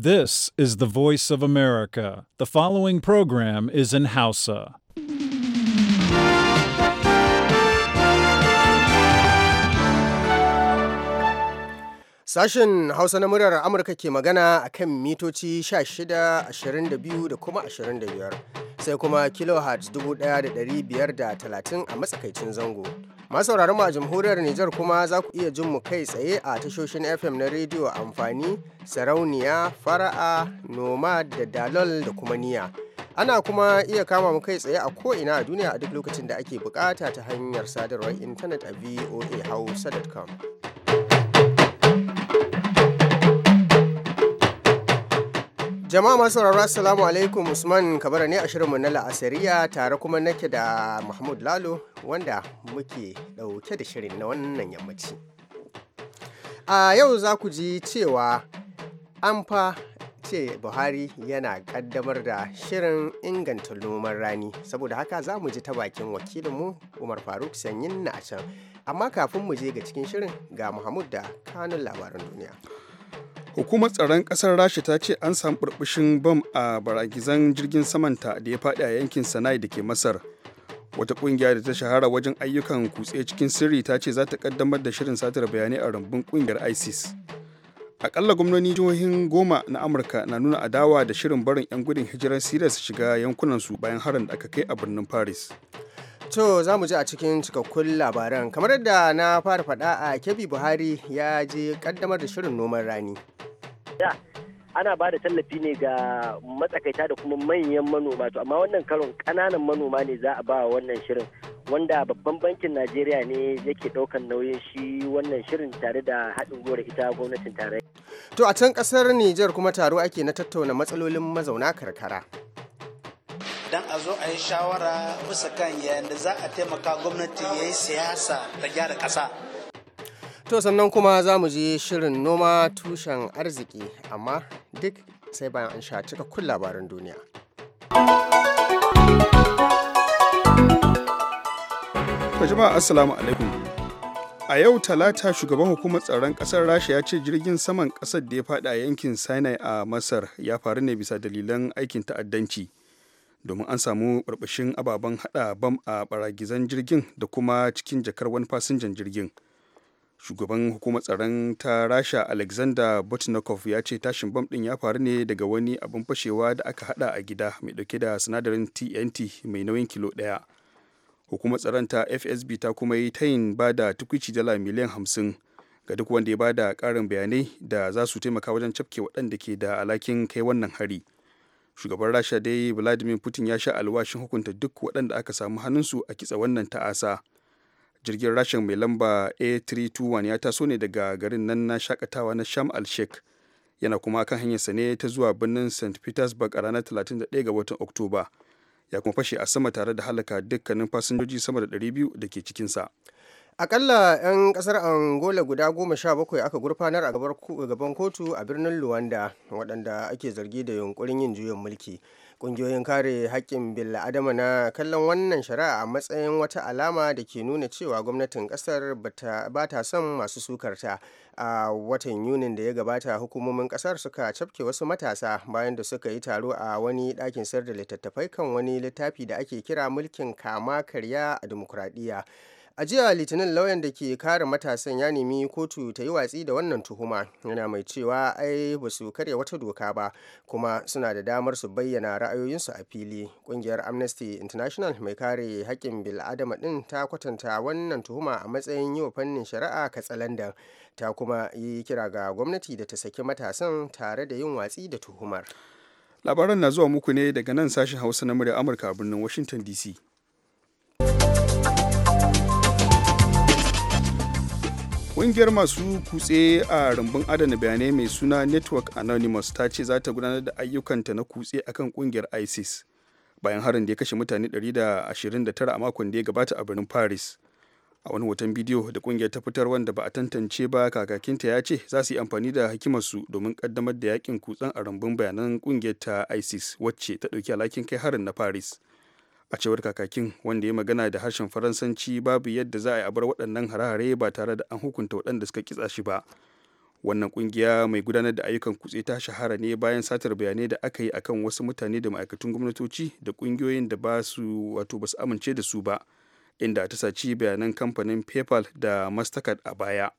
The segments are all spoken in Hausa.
This is the voice of America. The following program is in Hausa. Sashen Hausa na murar Amurka ke magana a kan mitoci 16, 22 da kuma 25, sai kuma kilohertz 1530 a matsakaicin zango. masauraran a jamhuriyar Nijar kuma za ku iya jin mu kai tsaye a tashoshin FM na rediyo amfani sarauniya fara'a noma da dalol da kuma niya ana kuma iya kama mu kai tsaye a ko'ina a duniya a duk lokacin da ake bukata ta hanyar sadarwar intanet a voa hausa.com Jama'a masu sauraro Assalamu alaikum Usman Kabara ne a shirinmu na la'asariya tare kuma nake da Mahmud Lalo wanda muke ɗauke da shirin na wannan yammaci. A yau za ku ji cewa an fa ce Buhari yana ƙaddamar da shirin inganta noman rani saboda haka za mu ji ta bakin wakilinmu Umar Faruk Sanyin na can. Amma kafin mu je ga cikin shirin ga Muhammad da kanun labaran duniya. hukumar tsaron kasar rasha ta ce an samu burbushin bam a baragizan jirgin samanta da ya faɗi a yankin sana'i da ke masar wata kungiya da ta shahara wajen ayyukan kutse cikin sirri ta ce za ta kaddamar da shirin satar bayanai a rambun kungiyar isis akalla gwamnoni jihohin goma na amurka na nuna adawa da shirin barin 'yan gudun hijirar siriya su shiga yankunan su bayan harin da aka kai a birnin paris To za mu je a cikin cikakkun labaran kamar yadda na fara faɗa a Kebbi Buhari ya je kaddamar da shirin noman rani. da ana ba da tallafi ne ga matsakaita da kuma manyan manoma to amma wannan karon ƙananan manoma ne za a ba wannan shirin wanda babban bankin najeriya ne yake ɗaukan nauyin shi wannan shirin tare da haɗin gwiwar ita gwamnatin tarayya. to a can ƙasar nijar kuma taro ake na tattauna matsalolin mazauna karkara. dan a zo a yi shawara musa kan yayin da za a taimaka gwamnati ya yi siyasa ta gyara ƙasa. To sannan kuma za mu je shirin noma tushen arziki amma duk sai bayan an sha cikakkun labaran duniya. a assalamu alaikum. A yau talata shugaban hukumar tsaron ƙasar Rasha ya ce jirgin saman ƙasar da ya faɗa a yankin Sinai a Masar ya faru ne bisa dalilan aikin ta'addanci. domin an samu barbashin ababen hada bam a baragizan jirgin da kuma cikin jakar wani fasinjan jirgin. shugaban hukumar tsaron ta rasha alexander botnikov ya ce tashin bam din ya faru ne daga wani abin fashewa da aka hada a gida mai dauke da sinadarin tnt mai nauyin kilo daya hukumar tsaron ta fsb ta kuma yi tayin ba da tukwici dala miliyan hamsin ga duk wanda ya ba da karin bayanai da za su taimaka wajen cafke waɗanda ke da alakin kai wannan hari shugaban rasha dai vladimir putin ya sha alwashin hukunta duk waɗanda aka samu hannunsu a kitsa wannan ta'asa jirgin rashin mai lamba a321 ya taso ne daga garin nan na shakatawa na sham al sheikh yana kuma kan hanyarsa ne ta zuwa birnin st petersburg a ranar 31 ga watan oktoba ya kuma fashe a sama tare da halaka dukkanin fasinjoji sama da 200 da ke cikinsa akalla 'yan kasar angola guda goma sha bakwai aka gurfanar a gaban kotu a birnin luwanda waɗanda ake zargi da yunkurin yin juyin mulki Ƙungiyoyin kare haƙƙin bil'adama na kallon wannan shari'a a matsayin wata alama da ke nuna cewa gwamnatin ƙasar ba ta son masu sukarta. a watan yunin da ya gabata hukumomin kasar suka cafke wasu matasa bayan da suka yi taro a wani ɗakin sayar da littattafai kan wani littafi da ake kira mulkin kama karya a dimokuraɗiyya a jiya litinin lauyan da ke kare matasan ya nemi kotu ta yi watsi da wannan tuhuma yana mai cewa ai ba su karya wata doka ba kuma suna da damar su bayyana ra'ayoyinsu a fili kungiyar amnesty international mai kare haƙƙin bil'adama ɗin ta kwatanta wannan tuhuma a matsayin yi wa fannin shari'a katsalandan ta kuma yi kira ga gwamnati da ta saki matasan tare da yin watsi da tuhumar labaran na zuwa muku ne daga nan sashen hausa na murya amurka a birnin washington dc kungiyar masu kutse a rumbun adana bayanai mai suna Network Anonymous ta ce za ta gudanar da ayyukanta na kutse akan kungiyar ISIS bayan harin da ya kashe mutane 129 a makon da ya gabata a birnin Paris. A wani hoton bidiyo da kungiyar ta fitar wanda ba a tantance ba kakakinta ya ce za su yi amfani da su domin kaddamar da yakin kutsen a rumbun bayanan kungiyar ta ISIS wacce ta ɗauki alhakin kai harin na Paris. a cewar kakakin wanda ya magana da harshen faransanci babu yadda za a yi abar waɗannan harare ba tare da an hukunta waɗanda suka kitsa shi ba wannan kungiya mai gudanar da ayyukan kutse ta shahara ne bayan satar bayanai da aka yi akan wasu mutane da ma'aikatan gwamnatoci da kungiyoyin da ba su wato ba su amince da su ba inda ta saci bayanan kamfanin paypal da mastercard a baya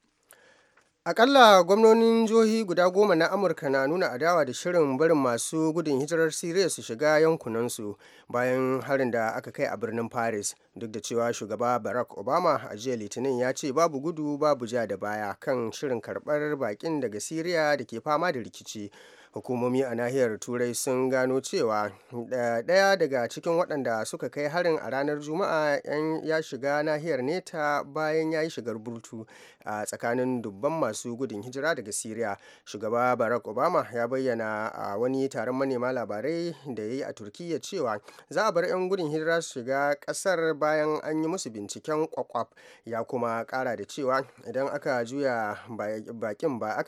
Akalla gwamnonin jihohi guda goma na Amurka na nuna adawa da shirin barin masu gudun hijirar Siriya su shiga yankunansu bayan harin da aka kai a birnin Paris, duk da cewa shugaba Barack Obama a jiya Litinin ya ce babu gudu babu ja da baya kan shirin karbar bakin daga Siriya da ke fama da rikici. hukumomi a nahiyar turai sun gano cewa ɗaya daga cikin waɗanda suka kai harin a ranar juma'a ya shiga nahiyar neta bayan ya yi shigar burtu a tsakanin dubban masu gudun hijira daga syria shugaba barack obama ya bayyana a wani taron manema labarai da ya yi a turkiyya cewa za a bar 'yan gudun hijira su shiga ƙasar bayan an yi musu binciken kwakwaf ya kuma kara da cewa idan aka juya bakin ba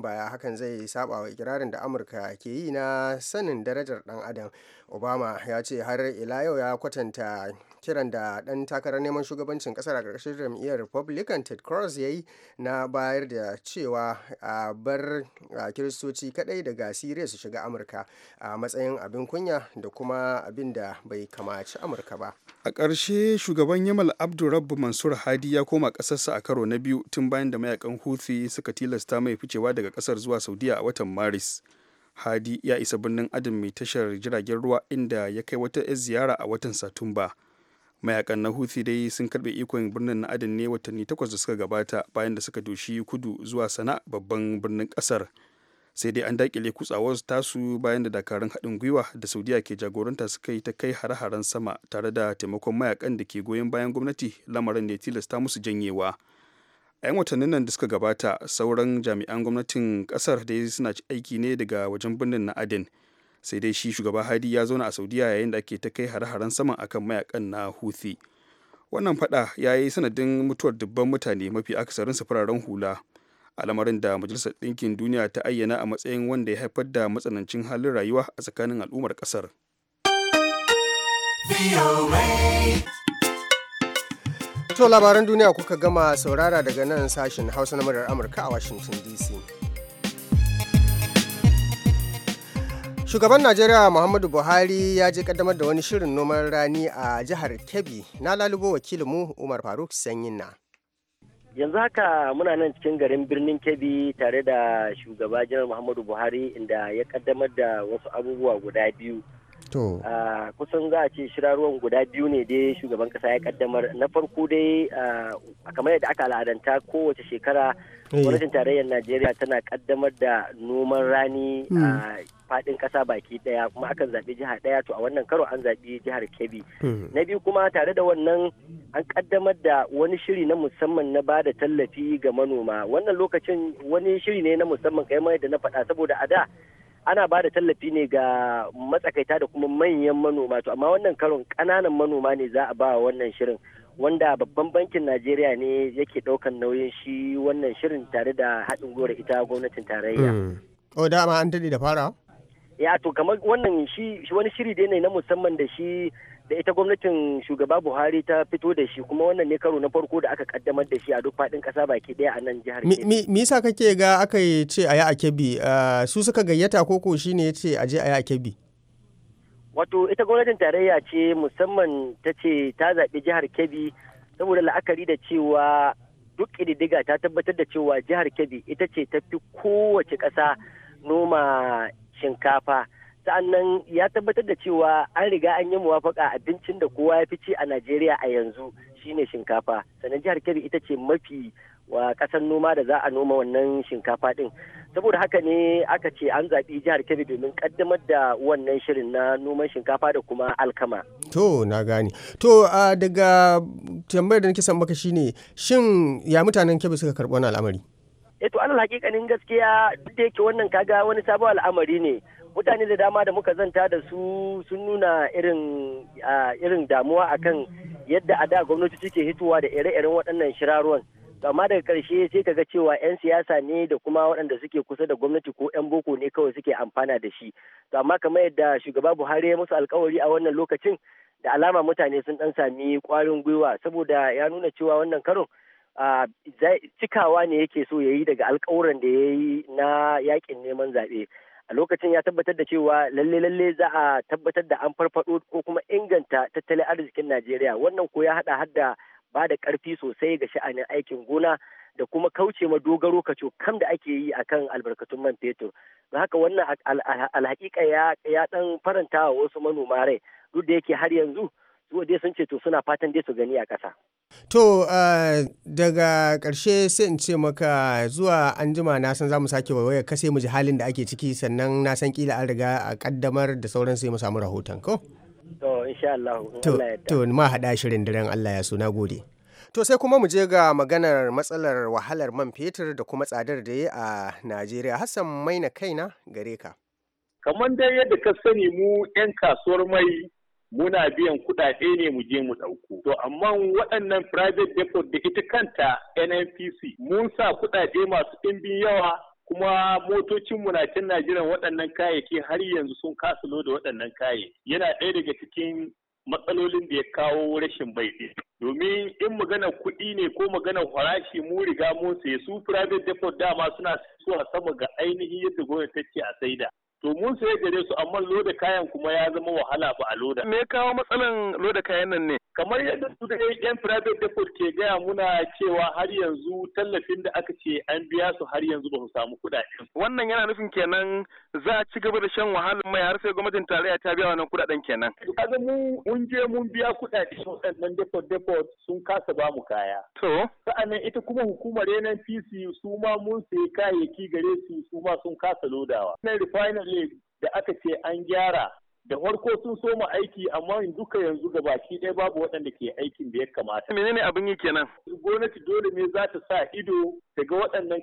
baya hakan zai saba wa ikirarin ƙoƙarin da amurka ke yi na sanin darajar ɗan adam obama ya ce har ila yau ya kwatanta kiran da dan takarar neman shugabancin kasar a ƙarƙashin jam'iyyar republican ted cross ya yi na bayar da cewa a bar kiristoci kaɗai daga siriya su shiga amurka a matsayin abin kunya da kuma abin da bai kamaci amurka ba a ƙarshe shugaban yamal abdurrabbu mansur hadi ya koma ƙasarsa a karo na biyu tun bayan da mayakan houthi suka tilasta mai ficewa daga kasar zuwa saudiya a watan maris hadi ya isa birnin adam mai tashar jiragen ruwa inda ya kai wata ziyara a watan satumba mayakan na huthi dai sun karbe ikon birnin na adin ne watanni takwas da suka gabata bayan da suka doshi kudu zuwa sana babban birnin kasar sai dai an dakile kutsawar tasu bayan da dakarun haɗin gwiwa da saudiya ke jagoranta suka yi ta kai hare-haren sama tare da taimakon mayakan da ke goyon bayan gwamnati lamarin da tilasta musu janyewa a 'yan watannin nan da suka gabata sauran jami'an gwamnatin kasar da suna aiki ne daga wajen birnin na adin sai dai shi shugaba hadi ya zauna a saudiya yayin da ake ta kai hare-haren saman akan mayakan na houthi wannan fada ya yi sanadin mutuwar dubban mutane mafi akasarin fararen hula a lamarin da majalisar ɗinkin duniya ta ayyana a matsayin wanda ya haifar da matsanancin halin rayuwa a tsakanin al'ummar ƙasar To labaran duniya kuka gama saurara daga nan sashen hausa na muryar amurka a washington dc Shugaban Najeriya Muhammadu Buhari ya je kaddamar da wani shirin noman rani a jihar Kebbi na lalubo wakilinmu Umar Faruk Sanyinna. yanzu haka muna nan cikin garin birnin kebbi tare da shugaba janar muhammadu buhari inda ya kaddamar da wasu abubuwa guda biyu kusan za a ce shirarwan guda biyu ne dai shugaban kasa ya kaddamar na farko dai kamar yadda aka al'adanta kowace shekara Eh. gwamnatin tarayyar najeriya tana kaddamar da noman rani hmm. a fadin kasa baki daya kuma akan zaɓi jiha daya to a wannan karo an zaɓi jihar kebbi hmm. na biyu kuma tare da wannan an kaddamar da wani shiri na musamman na bada tallafi ga manoma wannan lokacin wani shiri ne na musamman kai mai da na faɗa saboda a da ana ba da tallafi ne ga matsakaita da kuma manyan manoma to amma wannan karon ƙananan manoma ne za a ba wa wannan shirin wanda babban bankin najeriya ne yake daukan nauyin shi wannan shirin tare da haɗin gora ita gwamnatin tarayya hmm. o oh, dama an daɗe da fara ya to kamar wannan shi wani shiri dai ne na musamman da shi da ita gwamnatin shugaba buhari ta fito da shi kuma wannan ne karo na farko da aka kaddamar da shi a duk faɗin ƙasa baki ɗaya a nan jihar me yasa kake ga aka ce a yi a kebbi ah, su suka gayyata koko shi ne ya ce a je a yi a kebbi wato ita gwamnatin tarayya ce musamman ta ce ta zaɓi jihar kebbi saboda la'akari da cewa duk ƙididdiga ta tabbatar da cewa jihar kebbi ita ce ta fi kowace ƙasa noma shinkafa sa'annan ya tabbatar da cewa an riga an yi muwafaka abincin da kowa ya fi ci a najeriya a yanzu shine shinkafa sannan jihar kebbi ita ce mafi wa ƙasar noma da za a noma wannan shinkafa din saboda haka ne aka ce an zaɓi jihar kebbi domin kaddamar da wannan shirin na noman shinkafa da kuma alkama to na gane to a daga tambayar da nake san maka shine shin ya mutanen kebbi suka karɓi wani al'amari eh to alal hakikanin gaskiya duk da yake wannan kaga wani sabon al'amari ne mutane da dama da muka zanta da su sun nuna irin irin damuwa akan yadda a da gwamnati take hitowa da ire-iren waɗannan shirarruwan amma daga karshe sai kaga cewa 'yan siyasa ne da kuma waɗanda suke kusa da gwamnati ko 'yan boko ne kawai suke amfana da shi to amma kamar yadda shugaba buhari ya musu alkawari a wannan lokacin da alama mutane sun ɗan sami ƙwarin gwiwa saboda ya nuna cewa wannan karon cikawa ne yake so ya yi daga alkawuran da ya yi na yakin neman zaɓe a lokacin ya tabbatar da cewa lalle lalle za a tabbatar da an farfado ko kuma inganta tattalin arzikin najeriya wannan ko ya haɗa hadda ba da ƙarfi sosai ga sha'anin aikin gona da kuma kauce ma dogaro kaco kam da ake yi akan albarkatun man fetur don haka wannan alhaƙiƙa ya ɗan faranta wa wasu manoma rai duk da yake har yanzu zuwa dai sun ce to suna fatan dai su gani a ƙasa. To daga ƙarshe sai in ce maka zuwa anjima na san za mu sake waiwaya kase mu ji halin da ake ciki sannan na san kila an riga a ƙaddamar da sauran sai mu samu rahoton ko? To To ma haɗa shirin daren Allah ya suna gode. To sai kuma mu je ga maganar matsalar wahalar man fetur da kuma tsadar da yi a Najeriya. Hassan maina kaina gare ka. Kamar dai yadda ka sani mu 'yan kasuwar mai muna biyan kuɗaɗe ne mu je mu ɗauko. To amma waɗannan private depot da ita kanta NNPC mun sa kuɗaɗe masu ɗimbin yawa kuma motocin mu na can Najeriya waɗannan kayayyaki har yanzu sun kasa da waɗannan kaye yana ɗaya daga cikin matsalolin da ya kawo rashin bai domin in magana kuɗi ne ko magana farashi mu riga mun saye su private depot dama suna suwa sama ga ainihin yadda gwamnati ta ce a saida to mun saye gare su amma loda kayan kuma ya zama wahala ba a loda me ya kawo matsalan loda kayan nan ne kamar yadda su da yan private depot ke gaya muna cewa har yanzu tallafin da aka ce an biya su har yanzu ba su samu kudaden wannan yana nufin kenan za a ci gaba da shan wahalar mai har sai gwamnatin tarayya ta biya wannan kudaden kenan. kaga mu mun je mun biya kuɗaɗe wannan depot depot sun kasa ba mu kaya. to. sa'annan ita kuma hukumar nnpc su ma mun sayi kayayyaki gare su su ma sun kasa lodawa. wannan refinery da aka ce an gyara da farko sun soma aiki amma in duka yanzu ga baki ɗaya babu waɗanda ke aikin da ya kamata. Menene abin yi kenan? Gwamnati dole ne za ta sa ido daga waɗannan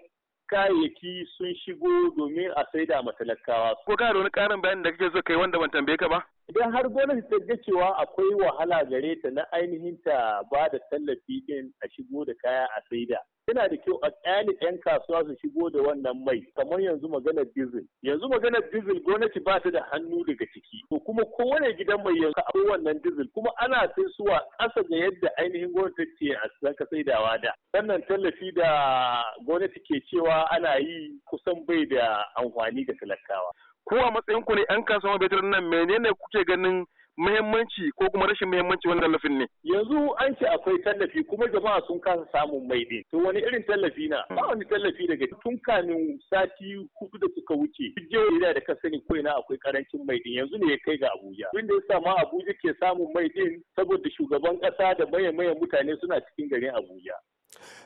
kayayyaki sun shigo domin a saida ma talakawa. Ko ka da wani ƙarin bayani da kake so kai wanda ban tambaye ka ba? Idan har gwamnati ta ga cewa akwai wahala gare ta na ainihin ta ba da tallafi din a shigo da kaya a saida. yana da kyau a tsayani 'yan kasuwa su shigo da wannan mai kamar yanzu maganar dizil yanzu maganar dizil gwamnati ba ta da hannu daga ciki ko kuma kowane gidan mai yanzu a wannan dizil kuma ana sai suwa ƙasa da yadda ainihin gwamnati ce a ka saidawa da sannan tallafi da gwamnati ke cewa ana yi kusan bai da amfani ga talakawa ko a matsayin ku ne 'yan kasuwa bai nan menene kuke ganin muhimmanci ko kuma rashin muhimmanci wannan tallafin ne yanzu an ce akwai tallafi kuma jama'a sun kasa samun mai ne. to wani irin tallafi na ba wani tallafi daga tun kanin sati hudu da suka wuce yana da ka sani ko ina akwai karancin mai din yanzu ne ya kai ga Abuja tun da yasa ma Abuja ke samun mai din saboda shugaban kasa da maye mayen mutane suna cikin garin Abuja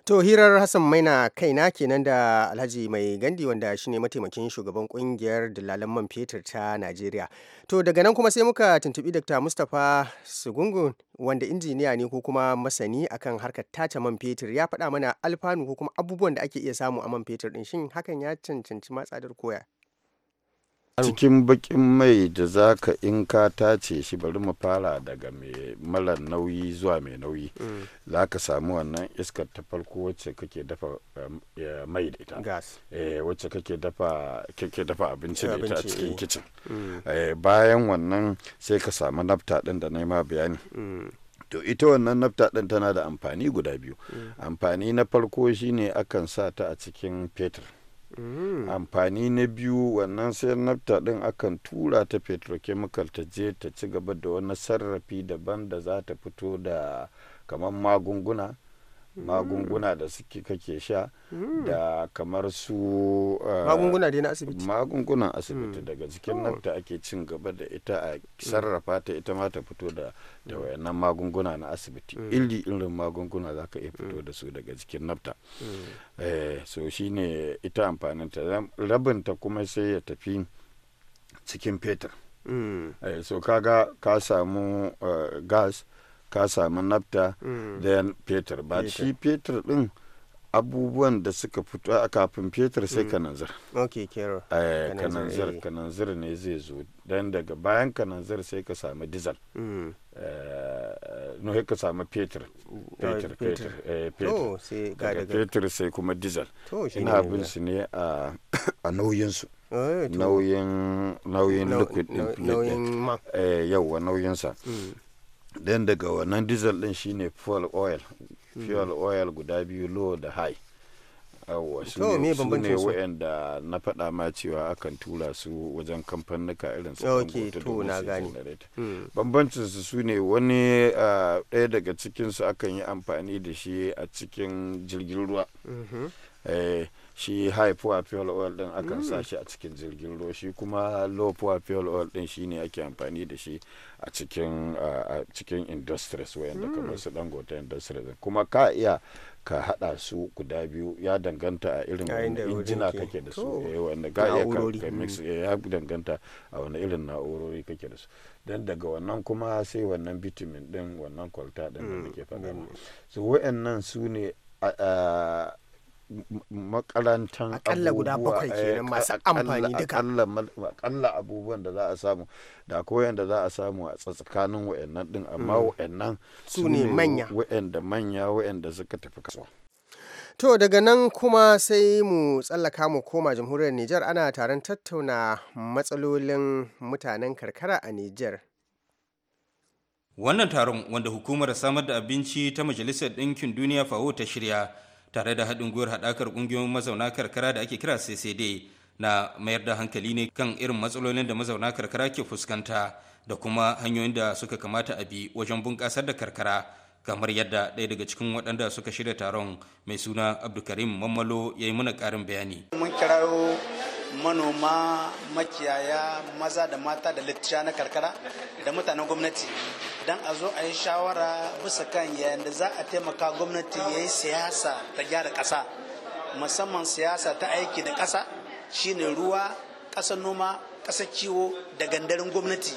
To hirar Hassan Maina kaina kenan da Alhaji Mai Gandi wanda shine mataimakin shugaban kungiyar dalalan man fetur ta Najeriya. To daga nan kuma sai muka tuntubi Dr. Mustapha Sugungun wanda injiniya ne ko kuma masani akan harkar tace man fetur ya faɗa mana alfanu ko kuma abubuwan da ake iya samu a man fetur din shin hakan ya cancanci matsadar koya. cikin bakin mai da za ka in ka tace shi bari mu fara daga mai malar nauyi zuwa mai nauyi mm. za ka samu wannan iskar ta farko wacce kake dafa um, mai da ita eh, wacce kake dafa abinci da ita a cikin eh. kicin mm. eh, bayan wannan sai ka samu nafta ɗin da na bayani mm. to ita wannan nafta ɗin tana da amfani guda biyu amfani na farko shine akan sa ta a cikin fetur Mm. amfani na biyu wannan sai nafta din akan tura ta petrochemical ta je ta ci gaba da wani sarrafi daban da za ta fito da kamar magunguna magunguna da suke kake sha hmm. da kamar su eh, magunguna dai na asibiti magungunan asibiti hmm. daga cikin nan oh. ake cin gaba da ita a hmm. sarrafa ta ita ma ta fito da da wayannan magunguna na asibiti iri irin magunguna za ka iya fito da su daga cikin nafta eh, so shine ita amfanin ta rabin ta kuma sai ya tafi cikin fetur eh, so kaga ka samu gas ka samu nafta mm. da fetur ba shi fetur din abubuwan da suka fito a kafin fetur sai ka mm. nanzar. kananzir Ka eh, eh. kananzir ne zai zo don daga bayan kananzir sai ka samu dizal mm. eh, no ka samu fetur fetur fetur daga fetur sai kuma dizal ina abin su ne a nauyinsu nauyin nauyin ma. yauwa nauyinsa dan daga wannan diesel din shine fuel oil fuel oil guda biyu low da high yawwa su ne na faɗa ma cewa akan tura su wajen kamfanuka irin su hmm. bambancin su su ne wani ah, ɗaya daga cikinsu akan yi amfani da shi a cikin jirgin ruwa mm-hmm. Eh, shi high power fuel oil din akan sa shi a cikin jirgin ruwa shi kuma low power fuel oil din ne ake amfani da shi a cikin a cikin industries wayanda hmm. kamar su dangote industries kuma ka iya ka hada su guda biyu ya danganta a irin injina kake da su eh, wanda ga iya ka mix hmm. eh, ya danganta a wani irin na'urori kake da su dan daga wannan kuma sai wannan bitumin din wannan kwalta din da hmm. nake faɗa so wayannan su ne makarantan abubuwa eh, a abubuwan da za a samu da koyan da za a samu a tsakanin wayannan din amma hmm. wayannan su ne manya wa'anda manya wa'anda suka tafi kasuwa To daga nan kuma sai mu tsallaka mu koma jamhuriyar Nijar ana taron tattauna matsalolin mutanen karkara a Nijar. Wannan taron wanda hukumar samar da abinci ta Majalisar Ɗinkin Duniya fawo ta shirya tare da haɗin gwiwar haɗakar ƙungiyoyin mazauna karkara da ake kira ccd na mayar da hankali ne kan irin matsalolin da mazauna karkara ke fuskanta da kuma hanyoyin da suka kamata a bi wajen bunƙasar da karkara kamar yadda ɗaya daga cikin waɗanda suka shirya taron mai suna abdulkarim mammalo ya yi mana ƙarin bayani mun manoma makiyaya maza da mata da littiya na karkara da mutanen gwamnati don a zo a yi shawara bisa kan yayin da za a taimaka gwamnati ya yi siyasa ta gyara ƙasa musamman siyasa ta aiki da ƙasa shine ruwa ƙasar noma ƙasar kiwo da gandarin gwamnati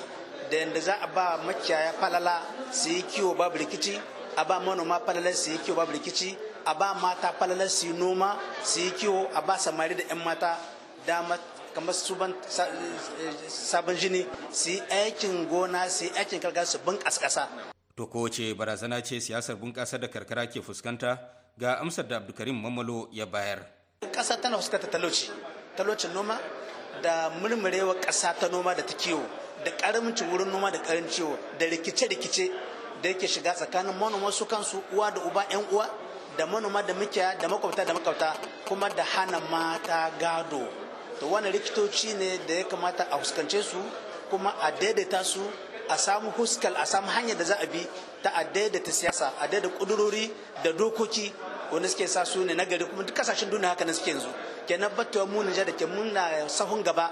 da yadda za a ba makiyaya falala su yi kiwo babu rikici a ba manoma falala su yi kiwo babu rikici a ba mata falala su yi noma su yi kiwo a ba samari da 'yan mata dama kamar su ban sabon jini su yi aikin gona su aikin karkara su bunƙasa ƙasa. To ko ce barazana ce siyasar bunƙasa da karkara ke fuskanta ga amsar da Abdulkarim Mamalo ya bayar. kasa tana fuskanta talauci, talaucin noma da murmurewa kasa ta noma da ta kiwo da ƙaramcin wurin noma da ƙarin da rikice-rikice da yake shiga tsakanin manoma su kansu uwa da uba 'yan uwa da manoma da mukiya da makwabta da makwabta kuma da hana mata gado to wani rikitoci ne da ya kamata a huskance su kuma a daidaita su a samu huskal a samu hanyar da za a bi ta a daidaita siyasa a daidaita kudurori da dokoki wanda suke sa su ne nagari kuma duk kasashen duniya haka na suke yanzu kenan batuwa mu Nijar da ke muna sahun gaba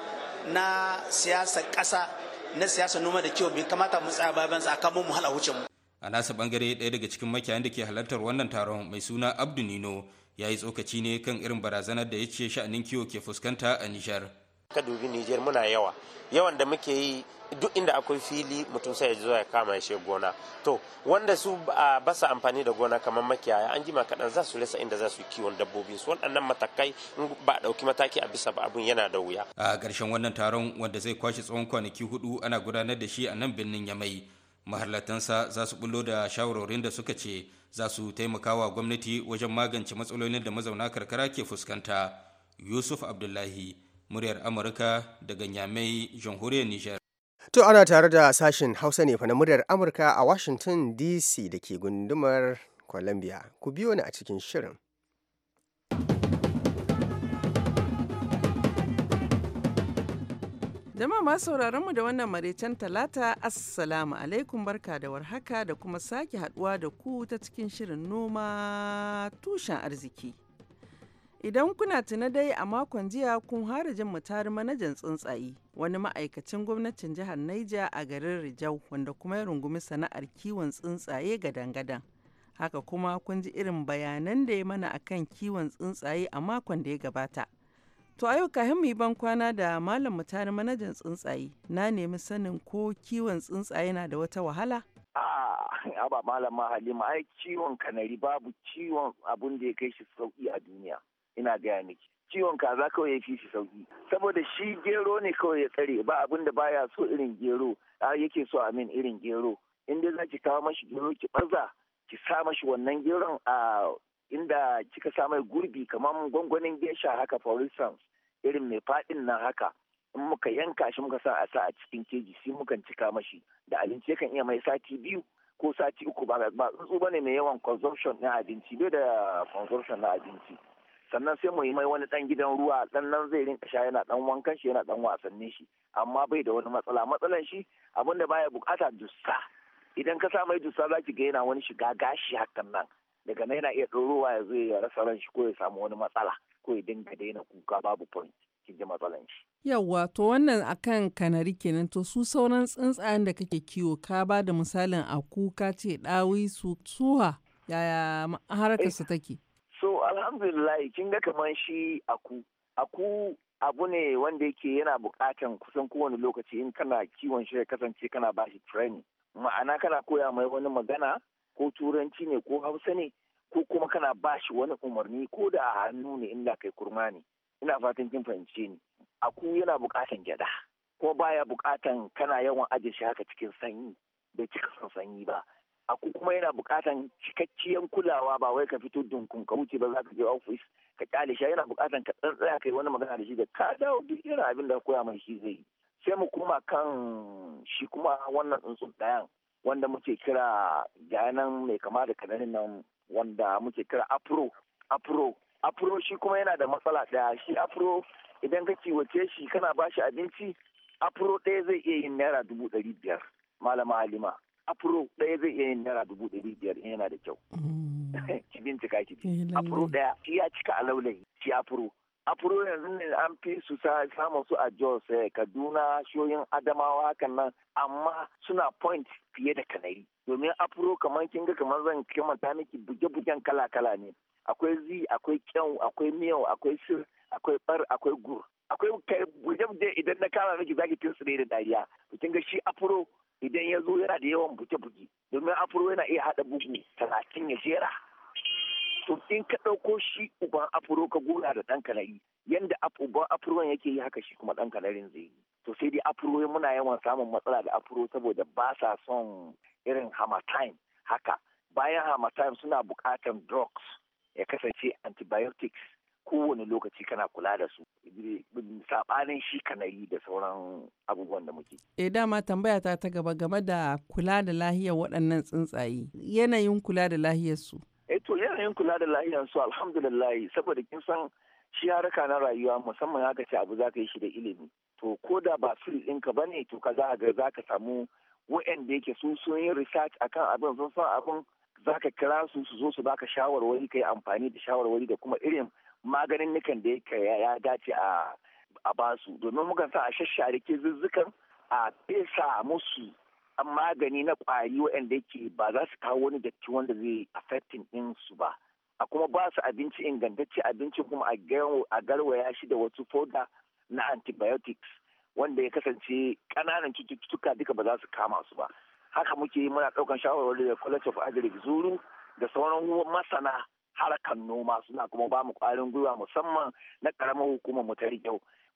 na siyasa ƙasa na siyasa noma da kyau bai kamata mu tsaya bayan sa kamo mu hala wucin mu a nasa bangare daya daga cikin makiyayan da ke halartar wannan taron mai suna Abdu Nino ya yi tsokaci ne kan irin barazanar da ya ce sha'anin kiwo ke fuskanta a Nijar. ka dubi Nijar muna yawa yawan da muke yi duk inda akwai fili mutum sai ya zo ya kama ya gona to wanda su ba su amfani da gona kamar makiyaya an jima kaɗan za su rasa inda za su kiwon dabbobi su waɗannan matakai in ba a ɗauki mataki a bisa ba abun yana da wuya a ƙarshen wannan taron wanda zai kwashe tsawon kwanaki hudu ana gudanar da shi a nan birnin yamai mahallatansa za su bullo da shawarorin da suka ce za su taimaka wa gwamnati wajen magance matsalolin da mazauna karkara ke fuskanta yusuf abdullahi muryar amurka daga nyamai jamhuriyar niger to ana tare da sashen hausa ne fa na muryar amurka a washington dc da ke gundumar columbia ku biyo ni a cikin shirin Jama'a masu sauraron mu da wannan maraicen talata assalamu alaikum barka da warhaka da kuma sake haduwa da ku ta cikin shirin noma tushen arziki. Idan kuna tuna dai a makon jiya kun hara jin tari manajan tsuntsaye wani ma'aikacin gwamnatin jihar Niger a garin Rijau wanda kuma ya rungumi sana'ar kiwon tsuntsaye gadan-gadan. Haka kuma kun ji irin bayanan da ya mana akan kiwon tsuntsaye a makon da ya gabata. To a yau kahin mu yi ban kwana da malam mu tare manajan tsuntsaye na nemi sanin ko kiwon tsuntsaye na da wata wahala? A'a ba malama Halima ai ciwon kanari babu ciwon abun da ya kai shi sauki a duniya ina gaya miki. Ciwon kaza kawai ya fi shi sauki saboda shi gero ne kawai ya tsare ba abin da baya so irin gero yake so a min irin gero in dai za ki kawo mashi gero ki barza ki sa mashi wannan geron a inda kika sa mai gurbi kamar gwangwanin gesha haka for irin mai fadin nan haka in muka yanka shi muka sa a sa a cikin keji sai mukan cika mashi da abinci yakan iya mai sati biyu ko sati uku ba ba tsuntsu bane mai yawan consumption na abinci bai da consumption na abinci sannan sai mu yi mai wani dan gidan ruwa dan nan zai rinka sha yana dan wankan shi yana dan wasannin shi amma bai da wani matsala matsalan shi abinda baya bukata dussa idan ka sa mai dussa zaki ga yana wani shiga gashi hakan nan daga nan yana iya ɗorowa ya zo ya rasa ran shi ko ya samu wani matsala ko ya dinga daina kuka babu point kin ji matsalan shi. Yawwa to wannan akan kanari kenan to su sauran tsuntsayen da kake kiwo ka ba da misalin a kuka ce ɗawi su tsuha yaya harkar su eh, take. So alhamdulillah kin ga kamar shi aku aku abu ne wanda yake yana bukatan kusan kowane lokaci in kana kiwon shi kasance kana bashi training ma'ana kana koya mai wani magana ko turanci ne ko hausa ne ko kuma kana ba shi wani umarni ko da a hannu ne inda kai kurma ne ina fatan kin fahimce ni aku yana bukatan gyada Ko baya bukatan kana yawan ajiye shi haka cikin sanyi da cika son sanyi ba aku kuma yana bukatan cikakkiyan kulawa ba wai ka fito dunkun ka wuce ba za ka je ofis ka kyale shi yana bukatan ka tsantsaya kai wani magana da shi da ka dawo duk irin abin da koya mai shi zai sai mu kuma kan shi kuma wannan tsuntsun ɗayan wanda muke kira gayanan mai kama da kananin nan wanda muke kira afro afro afro shi kuma yana da matsala ɗaya shi afro idan ka kiwace shi kana ba shi abinci afro ɗaya zai iya yin naira dubu ɗari biyar malama halima afro ɗaya zai iya yin naira dubu ɗari biyar in yana da kyau mm. ki bincika ki eh, afro ɗaya shi ya cika alaulayi shi afro afro yanzu ne an fi su samun su a jos eh, kaduna shoyin adamawa hakan nan amma suna point fiye da kanari domin furo kamar kin ga kamar zan kimanta miki buge-bugen kala-kala ne akwai zi akwai kyau akwai miyau akwai sir akwai bar akwai gur akwai buge-buge idan na kama miki zaki ne da dariya kin ga shi afro idan ya zo yana da yawan buge-buge domin afro yana iya haɗa bugu talatin ya jera to in ka ɗauko shi uban afuro ka gura da ɗan kanari yanda uban afuron yake yi haka shi kuma ɗan kanarin zai yi to sai dai afuro muna yawan samun matsala da afuro saboda ba sa son irin hamatime haka bayan hamatime suna buƙatar drugs ya kasance antibiotics kowane lokaci kana kula da su saɓanin shi kanari da sauran abubuwan da muke. E dama tambaya ta ta gaba game da kula da lahiyar waɗannan tsuntsaye yanayin kula da lahiyar su. eh to yanayin kula da lahiyar su alhamdulillah saboda kin san shi na rayuwa musamman haka ce abu zaka yi shi da ilimi to ko da ba fil ɗinka ba ne to ka za ga za ka samu wa'anda yake sun sun yi research akan abin sun san abin za ka kira su su zo su baka shawarwari ka yi amfani da shawarwari da kuma irin maganin nikan da yake ya dace a basu domin mukan sa a shashare ke zuzzukan a fesa musu magani na ƙwari waɗanda yake ba za su kawo wani datti wanda zai affecting ɗinsu ba a kuma ba su abinci ingantacce abinci kuma a garwaya shi da wasu foda na antibiotics wanda ya kasance ƙananan cututtuka duka ba za su kama su ba haka muke yi muna ɗaukan shawarwari da college of agric zuru da sauran masana harkar noma suna kuma ba mu ƙwarin gwiwa musamman na ƙaramar hukumar mu ta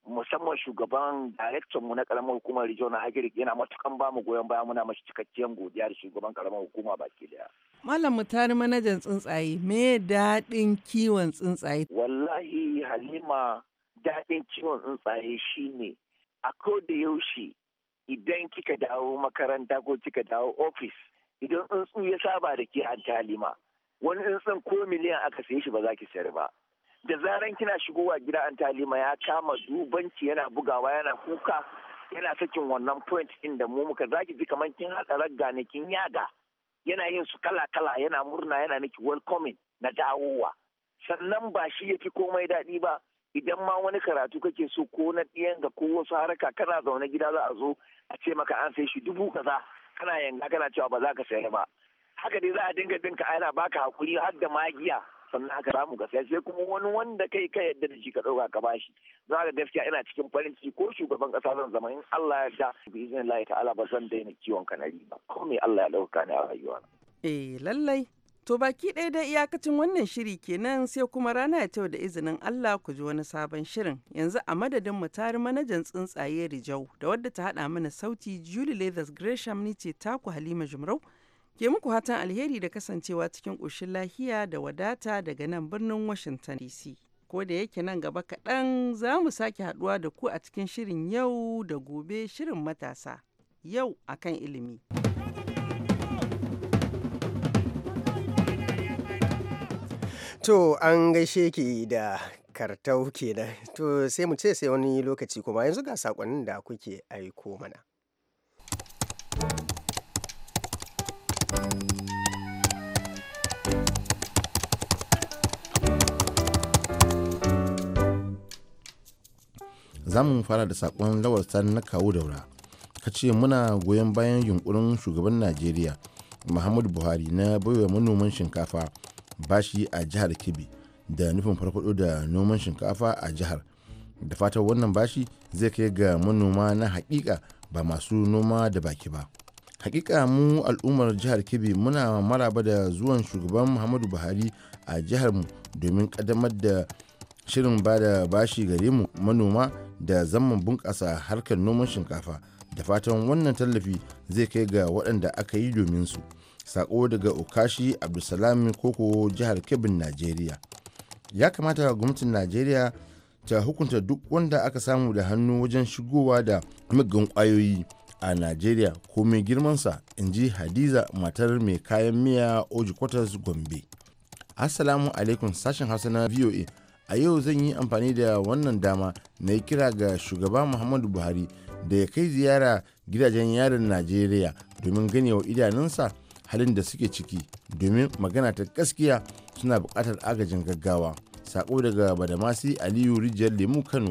musamman shugaban daraktan mu na karamar hukumar regional agric yana matukan bamu goyon baya muna mashi cikakkiyar godiya da shugaban karamar hukuma baki daya malam mutari manajan tsuntsaye me daɗin kiwon tsuntsaye wallahi halima daɗin kiwon tsuntsaye shine a ko da yaushe idan kika dawo makaranta ko kika dawo ofis idan tsuntsu ya saba da ke halima wani tsuntsun ko miliyan aka saye shi ba za ki sayar ba da zaran kina shigowa gida an talima ya kama dubanci yana bugawa yana kuka yana sakin wannan point din da mu muka zaki ji kaman kin haɗa ragga ne kin yaga yana yin su kala kala yana murna yana niki welcoming na dawowa sannan ba shi yake komai daɗi ba idan ma wani karatu kake so ko na ɗiyan ga ko wasu haraka kana zaune gida za a zo a ce maka an sai shi dubu kaza kana yanga kana cewa ba za ka saya ba haka dai za a dinga dinka ana baka hakuri har da magiya sannan za samu gaskiya sai kuma wani wanda kai ka yadda da shi ka ɗauka ka bashi za ka gaskiya ina cikin farin ciki ko shugaban kasa zan zama in Allah ya ja bi izinin Allah ta'ala ba zan daina kiwon kanari ba ko me Allah ya dauka ni a rayuwa eh lallai To baki ɗaya da iyakacin wannan shiri kenan sai kuma rana ya tau da izinin Allah ku ji wani sabon shirin. Yanzu a madadin mu tari manajan tsuntsaye Rijau da wadda ta haɗa mana sauti Julie Leathers Gresham ni ce taku Halima Jumrau. Ke muku hatan alheri da kasancewa cikin ƙoshin lahiya da wadata daga nan birnin Washington DC. Ko da yake nan gaba kaɗan za mu sake haɗuwa da ku a cikin shirin yau da gobe shirin matasa. Yau akan ilimi. To an gaishe ke da kartau kenan. To sai mu ce sai wani lokaci kuma yanzu ga sakonnin da kuke aiko mana. za mu fara da sakon lawar sani na kawo daura ka ce muna goyon bayan yunkurin shugaban najeriya muhammadu buhari na baiwa manoman shinkafa bashi a jihar kebbi da nufin farfado da noman shinkafa a jihar da fatan wannan bashi zai kai ga manoma na hakika ba masu noma da baki ba hakika mu al'ummar jihar kebbi muna maraba da zuwan shugaban muhammadu buhari a jihar mu domin kaddamar da shirin ba da bashi gare mu manoma da zaman bunƙasa harkar noman shinkafa da fatan wannan tallafi zai kai ga waɗanda aka yi domin su sako daga okashi abdulsalami koko jihar kebin najeriya ya kamata gwamnatin najeriya ta hukunta duk wanda aka samu da hannu wajen shigowa da muggan kwayoyi a najeriya ko mai girmansa in ji hadiza matar mai kayan miya oji gombe assalamu alaikum sashen hausa na voa a yau zan yi amfani da wannan dama na yi kira ga shugaba muhammadu buhari da ya kai ziyara gidajen yarin najeriya domin ganewa idanunsa halin da suke ciki domin magana ta gaskiya suna buƙatar agajin gaggawa sako daga badamasi aliyu rijiyar lemu kano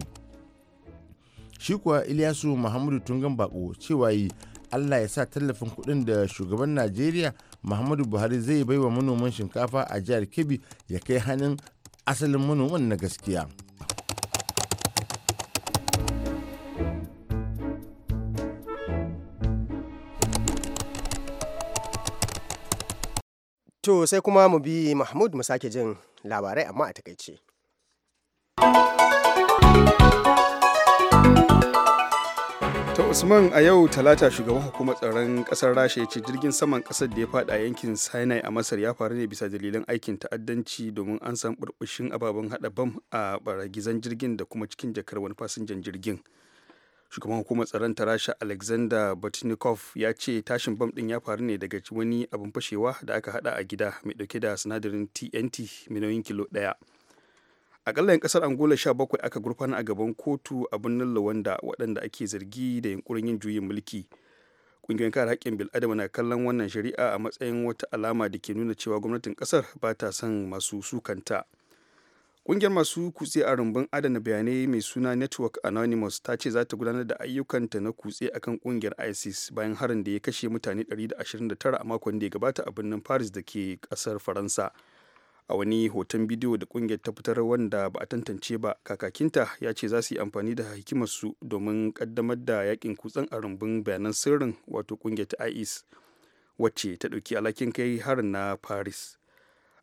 shi kuwa ilyasu muhammadu tungan bako cewa yi allah ya sa tallafin kuɗin da shugaban najeriya muhammadu buhari zai baiwa manoman shinkafa a jihar kebbi ya kai hannun asalin manoman na gaskiya to sai kuma mu bi mahmud mu sake jin labarai amma a takaice ta usman a yau talata shugaban hukumar tsaron kasar rasha ya ce jirgin saman kasar da ya fada yankin sinai a masar ya faru ne bisa dalilan aikin ta'addanci domin an san burbushin ababen hada bam a baragizan jirgin da kuma cikin jakar wani fasinjan jirgin shugaban hukumar tsaron ta rasha alexander botnikov ya ce tashin bam din ya faru ne daga wani abin fashewa da aka hada a gida mai dauke da sinadarin tnt mai nauyin kilo daya akalla 'yan kasar angola 17 aka gurfana a gaban kotu a birnin luwanda waɗanda ake zargi da yunkurin yin juyin mulki ƙungiyar kare haƙƙin bil'adama na kallon wannan shari'a a matsayin wata alama da ke nuna cewa gwamnatin ƙasar ba ta son masu sukanta ƙungiyar masu kutse a rumbun adana bayanai mai suna network anonymous ta ce za ta gudanar da ayyukanta na kutse akan ƙungiyar isis bayan harin da ya kashe mutane 129 a makon da ya gabata a birnin paris da ke ƙasar faransa a wani hoton bidiyo da kungiyar ta fitar wanda ba a tantance ba kakakinta ya ce za su yi amfani da hikimarsu domin kaddamar da yakin kutsen a rumbun bayanan sirrin wato kungiyar ta ais wacce ta ɗauki alhakin kai harin na paris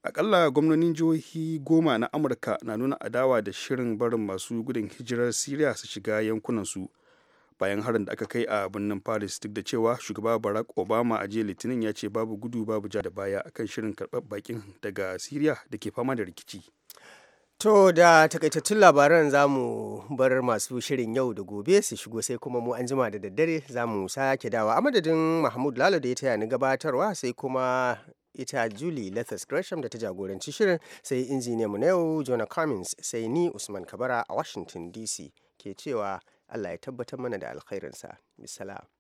akalla gwamnonin jihohi goma na amurka na nuna adawa da shirin barin masu gudun hijirar siriya su shiga yankunansu su bayan harin da aka kai a birnin paris duk da cewa shugaba barack obama a jiya litinin ya ce babu gudu babu ja da baya akan shirin karɓar bakin daga syria da ke fama da rikici To da takaitattun labaran za mu bar masu shirin yau da gobe su shigo sai kuma mu an jima da daddare za mu sake dawa a madadin Mahmud Lalo da ya taya ni gabatarwa sai kuma ita Julie lethes Gresham da ta jagoranci shirin sai mu na yau Jonah Cummins sai ni Usman Kabara a Washington DC ke cewa Allah ya tabbatar mana da alkhairinsa. Misala.